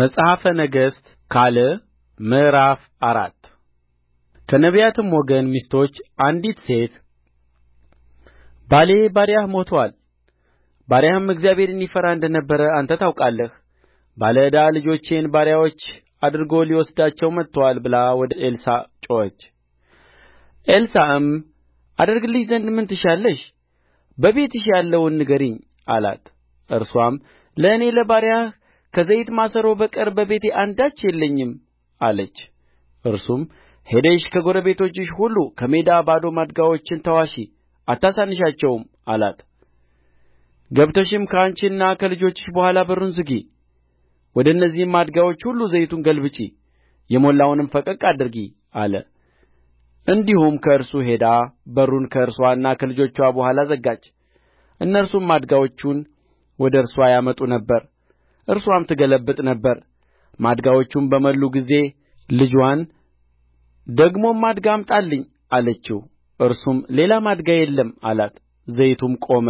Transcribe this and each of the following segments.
መጽሐፈ ነገሥት ካልዕ ምዕራፍ አራት ከነቢያትም ወገን ሚስቶች አንዲት ሴት ባሌ ባሪያህ ሞቶአል ባሪያህም እግዚአብሔርን ይፈራ እንደ ነበረ አንተ ታውቃለህ ባለ ዕዳ ልጆቼን ባሪያዎች አድርጎ ሊወስዳቸው መጥቶአል ብላ ወደ ኤልሳዕ ጮኸች ኤልሳዕም አደርግልሽ ዘንድ ምን ትሻለሽ በቤትሽ ያለውን ንገሪኝ አላት እርሷም ለእኔ ለባሪያህ ከዘይት ማሰሮ በቀር በቤቴ አንዳች የለኝም አለች እርሱም ሄደሽ ከጎረቤቶችሽ ሁሉ ከሜዳ ባዶ ማድጋዎችን ተዋሺ አታሳንሻቸውም አላት ገብተሽም ከአንቺና ከልጆችሽ በኋላ በሩን ዝጊ ወደ እነዚህም ማድጋዎች ሁሉ ዘይቱን ገልብጪ የሞላውንም ፈቀቅ አድርጊ አለ እንዲሁም ከእርሱ ሄዳ በሩን ከእርሷና ከልጆችዋ በኋላ ዘጋች እነርሱም ማድጋዎቹን ወደ እርስዋ ያመጡ ነበር እርስዋም ትገለብጥ ነበር ማድጋዎቹም በመሉ ጊዜ ልጅዋን ደግሞም ማድጋ አምጣልኝ አለችው እርሱም ሌላ ማድጋ የለም አላት ዘይቱም ቆመ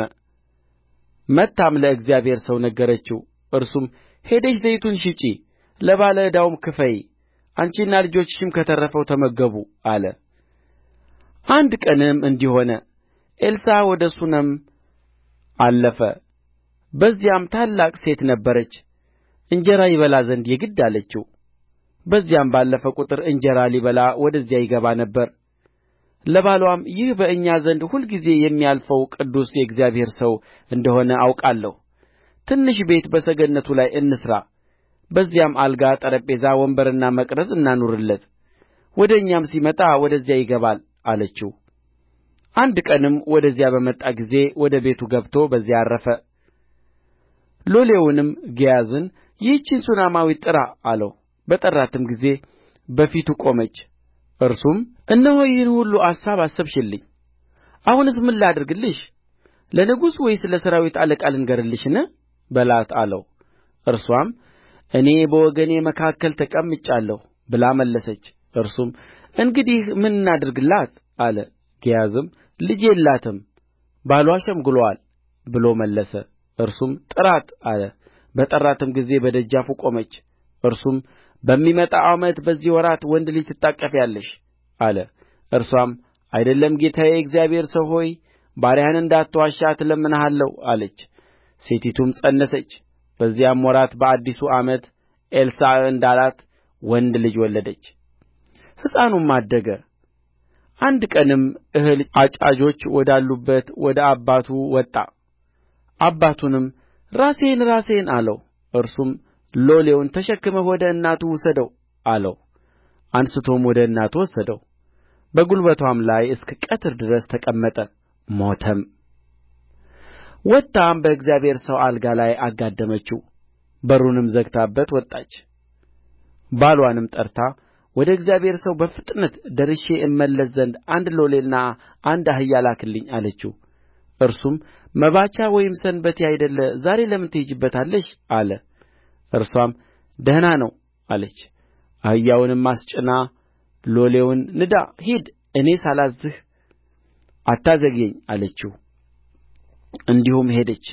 መታም ለእግዚአብሔር ሰው ነገረችው እርሱም ሄደሽ ዘይቱን ሽጪ ለባለ ዕዳውም ክፈዪ አንቺና ልጆችሽም ከተረፈው ተመገቡ አለ አንድ ቀንም እንዲህ ሆነ ኤልሳዕ ወደ ሱነም አለፈ በዚያም ታላቅ ሴት ነበረች እንጀራ ይበላ ዘንድ የግድ አለችው በዚያም ባለፈ ቍጥር እንጀራ ሊበላ ወደዚያ ይገባ ነበር ለባልዋም ይህ በእኛ ዘንድ ሁልጊዜ የሚያልፈው ቅዱስ የእግዚአብሔር ሰው እንደ ሆነ አውቃለሁ ትንሽ ቤት በሰገነቱ ላይ እንሥራ በዚያም አልጋ ጠረጴዛ ወንበርና መቅረዝ እናኑርለት ወደ እኛም ሲመጣ ወደዚያ ይገባል አለችው አንድ ቀንም ወደዚያ በመጣ ጊዜ ወደ ቤቱ ገብቶ በዚያ ዐረፈ ሎሌውንም ግያዝን ይህችን ሱነማዊት ጥራ አለው በጠራትም ጊዜ በፊቱ ቆመች እርሱም እነሆ ይህን ሁሉ አሳብ አሰብሽልኝ አሁንስ ምን ላድርግልሽ ለንጉሡ ወይስ ለሠራዊት አለቃ ልንገርልሽን በላት አለው እርስዋም እኔ በወገኔ መካከል ተቀምጫለሁ ብላ መለሰች እርሱም እንግዲህ ምን እናድርግላት አለ ግያዝም ልጅ የላትም ባልዋ ሸምግሎአል ብሎ መለሰ እርሱም ጥራት አለ በጠራትም ጊዜ በደጃፉ ቆመች እርሱም በሚመጣ ዓመት በዚህ ወራት ወንድ ልጅ ትታቀፊአለሽ አለ እርስዋም አይደለም ጌታዬ የእግዚአብሔር ሰው ሆይ ባሪያህን እንዳትዋሻት ትለምንሃለሁ አለች ሴቲቱም ፀነሰች በዚያም ወራት በአዲሱ ዓመት ኤልሳዕ እንዳላት ወንድ ልጅ ወለደች ሕፃኑም አደገ አንድ ቀንም እህል አጫጆች ወዳሉበት ወደ አባቱ ወጣ አባቱንም ራሴን ራሴን አለው እርሱም ሎሌውን ተሸክመህ ወደ እናቱ ውሰደው አለው አንሥቶም ወደ እናቱ ወሰደው በጕልበትዋም ላይ እስከ ቀትር ድረስ ተቀመጠ ሞተም ወጥታም በእግዚአብሔር ሰው አልጋ ላይ አጋደመችው በሩንም ዘግታበት ወጣች ባልዋንም ጠርታ ወደ እግዚአብሔር ሰው በፍጥነት ደርሼ እመለስ ዘንድ አንድ ሎሌና አንድ አህያ ላክልኝ አለችው እርሱም መባቻ ወይም ሰንበቴ አይደለ ዛሬ ለምን ትሄጂበታለሽ አለ እርስዋም ደህና ነው አለች አህያውንም አስጭና ሎሌውን ንዳ ሂድ እኔ ሳላዝዝህ አታዘግየኝ አለችው እንዲሁም ሄደች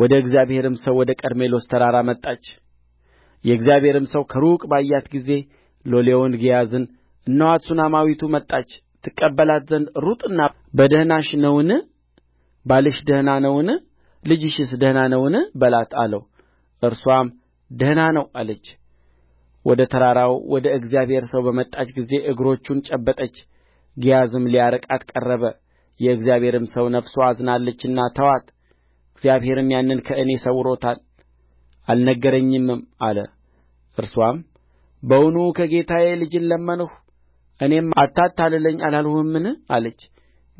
ወደ እግዚአብሔርም ሰው ወደ ቀርሜሎስ ተራራ መጣች የእግዚአብሔርም ሰው ከሩቅ ባያት ጊዜ ሎሌውን ግያዝን እነዋት ሱናማዊቱ መጣች ትቀበላት ዘንድ ሩጥና በደኅናሽ ነውን ባልሽ ደህና ነውን ልጅሽስ ደህና ነውን በላት አለው እርስዋም ደህና ነው አለች ወደ ተራራው ወደ እግዚአብሔር ሰው በመጣች ጊዜ እግሮቹን ጨበጠች ግያዝም ሊያርቃት ቀረበ የእግዚአብሔርም ሰው ነፍሷ አዝናለችና ተዋት እግዚአብሔርም ያንን ከእኔ ሰውሮታል አልነገረኝምም አለ እርስዋም በውኑ ከጌታዬ ልጅን ለመንሁ እኔም አታታልለኝ አላልሁህምን አለች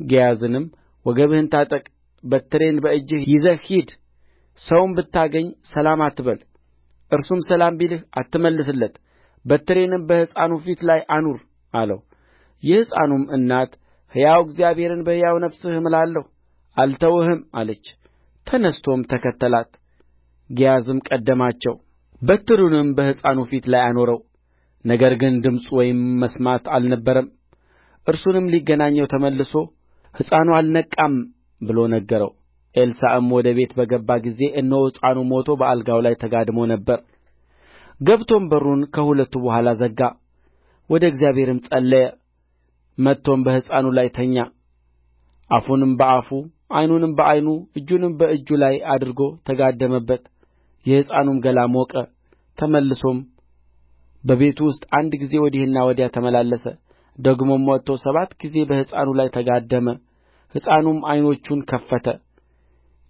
ግያዝንም ወገብህን ታጠቅ በትሬን በእጅህ ይዘህ ሂድ ሰውም ብታገኝ ሰላም አትበል እርሱም ሰላም ቢልህ አትመልስለት በትሬንም በሕፃኑ ፊት ላይ አኑር አለው የሕፃኑም እናት ሕያው እግዚአብሔርን በሕያው ነፍስህ እምላለሁ አልተውህም አለች ተነሥቶም ተከተላት ግያዝም ቀደማቸው በትሩንም በሕፃኑ ፊት ላይ አኖረው ነገር ግን ድምፅ ወይም መስማት አልነበረም እርሱንም ሊገናኘው ተመልሶ ሕፃኑ አልነቃም ብሎ ነገረው ኤልሳዕም ወደ ቤት በገባ ጊዜ እነሆ ሕፃኑ ሞቶ በአልጋው ላይ ተጋድሞ ነበር ገብቶም በሩን ከሁለቱ በኋላ ዘጋ ወደ እግዚአብሔርም ጸለየ መጥቶም በሕፃኑ ላይ ተኛ አፉንም በአፉ ዓይኑንም በዓይኑ እጁንም በእጁ ላይ አድርጎ ተጋደመበት የሕፃኑም ገላ ሞቀ ተመልሶም በቤቱ ውስጥ አንድ ጊዜ ወዲህና ወዲያ ተመላለሰ ደግሞም ወጥቶ ሰባት ጊዜ በሕፃኑ ላይ ተጋደመ ሕፃኑም ዓይኖቹን ከፈተ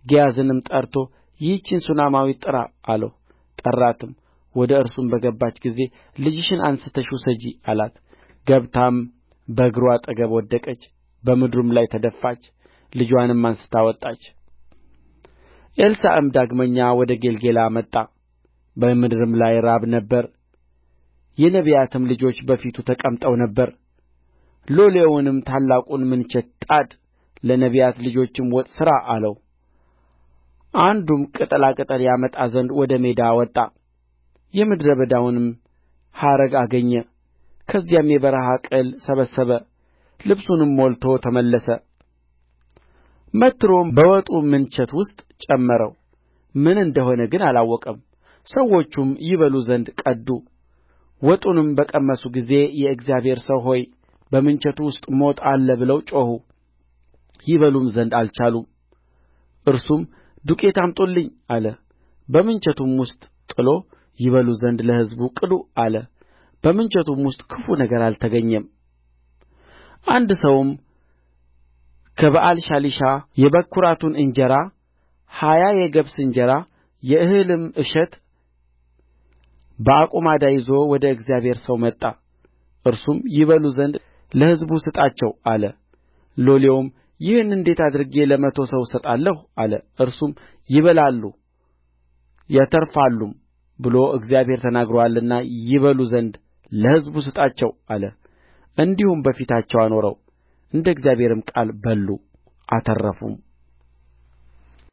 ግያዝንም ጠርቶ ይህችን ሱነማዊት ጥራ አለው ጠራትም ወደ እርሱም በገባች ጊዜ ልጅሽን አንሥተሽ ውሰጂ አላት ገብታም በእግሩ አጠገብ ወደቀች በምድሩም ላይ ተደፋች ልጅዋንም አንሥታ ወጣች ኤልሳዕም ዳግመኛ ወደ ጌልገላ መጣ በምድርም ላይ ራብ ነበረ የነቢያትም ልጆች በፊቱ ተቀምጠው ነበር ሎሌውንም ታላቁን ምንቸት ጣድ ለነቢያት ልጆችም ወጥ ሥራ አለው አንዱም ቅጠላ ቅጠል ያመጣ ዘንድ ወደ ሜዳ ወጣ የምድረ በዳውንም ሐረግ አገኘ ከዚያም የበረሃ ቅል ሰበሰበ ልብሱንም ሞልቶ ተመለሰ መትሮም በወጡ ምንቸት ውስጥ ጨመረው ምን እንደ ሆነ ግን አላወቀም ሰዎቹም ይበሉ ዘንድ ቀዱ ወጡንም በቀመሱ ጊዜ የእግዚአብሔር ሰው ሆይ በምንቸቱ ውስጥ ሞት አለ ብለው ጮኹ ይበሉም ዘንድ አልቻሉም እርሱም ዱቄት አምጡልኝ አለ በምንቸቱም ውስጥ ጥሎ ይበሉ ዘንድ ለሕዝቡ ቅዱ አለ በምንቸቱም ውስጥ ክፉ ነገር አልተገኘም አንድ ሰውም ከበኣልሻሊሻ የበኵራቱን እንጀራ ሀያ የገብስ እንጀራ የእህልም እሸት በአቁማዳ ይዞ ወደ እግዚአብሔር ሰው መጣ እርሱም ይበሉ ዘንድ ለሕዝቡ ስጣቸው አለ ሎሌውም ይህን እንዴት አድርጌ ለመቶ ሰው እሰጣለሁ አለ እርሱም ይበላሉ ያተርፋሉም ብሎ እግዚአብሔር ተናግሮአልና ይበሉ ዘንድ ለሕዝቡ ስጣቸው አለ እንዲሁም በፊታቸው አኖረው እንደ እግዚአብሔርም ቃል በሉ አተረፉም